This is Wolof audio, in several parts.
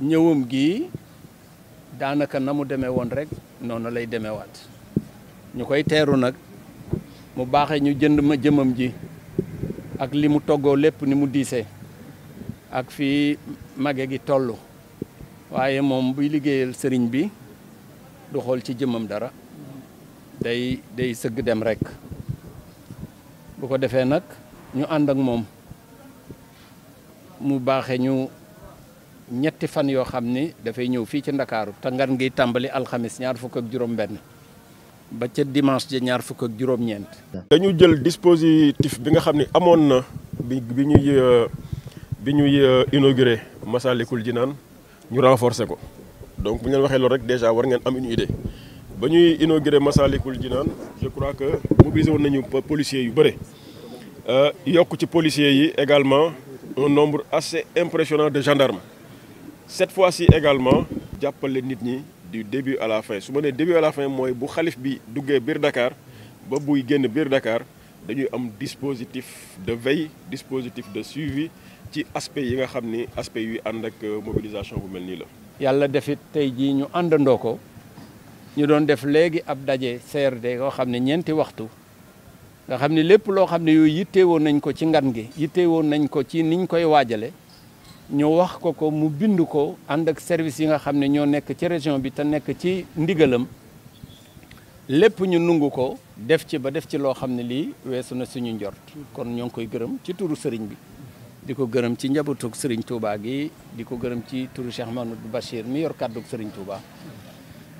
ñëwam gi daanaka na mu demee woon rek noonu lay demewaat ñu koy teeru nag mu baaxe ñu jënd ma jëmmam ji ak li mu toggoo lépp ni mu diise ak fii mage gi tollu waaye moom buy liggéeyal sëriñ bi du xool ci jëmam dara day day sëgg dem rekk bu ko defee nag ñu ànd ak moom mu baaxee ñu ñetti fan yoo xam ni dafay ñëw fii ci ndakaaru te ngan ngiy tàmbali alxamis ñaar fukk ak juróom benn ba ca dimanche ja ñaar fukk ak juróom-ñeent dañu jël dispositif bi nga xam ni amoon na bi bi ñuy euh, bi ñuy euh, inauguré Massalikul naan ñu renforcer ko donc bu ñu waxee loolu rek déjà war ngeen am une idée ba ñuy inauguré Massalikul naan je crois que mobilisé woon nañu policiers yu bëre euh, yokk ci policiers yi également un nombre assez impressionnant de gendarmes cette fois-ci également jàppale nit ñi du début à la su ma nee début à la fin mooy bu xalif bi duggee biir dakaar ba buy génn biir Dakar dañuy am dispositif de veille dispositif de suivi ci aspect yi nga xam ni aspect yuy ànd ak euh, mobilisation bu mel nii la. yàlla def it tey jii ñu àndandoo ko ñu doon def léegi ab daje CRD yoo xam ne ñeenti waxtu nga xam ne lépp loo xam ne yooyu yittee woon nañ ko ci ngan gi yittee woon nañ ko ci niñ koy waajale ñu wax ko ko mu bind ko ànd ak service yi nga xam ne ñoo nekk ci région bi te nekk ci ndigalam lépp ñu nungu ko def ci ba def ci loo xam ne lii weesu na suñu njort kon ñoo ngi koy gërëm ci turu sëriñ bi di ko gërëm ci njabootug sëriñ Touba gi di ko gërëm ci turu Cheikh Mamadou Bachir mi yor kàddug sëriñ Touba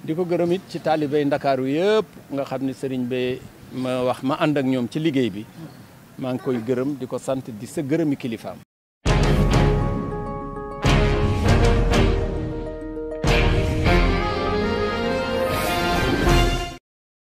di ko gërëm it ci taalibey Ndakaaru yëpp nga xam ne sëriñ bi ma wax ma ànd ak ñoom ci liggéey bi maa ngi koy gërëm di ko sant di sa gërëmi kilifaam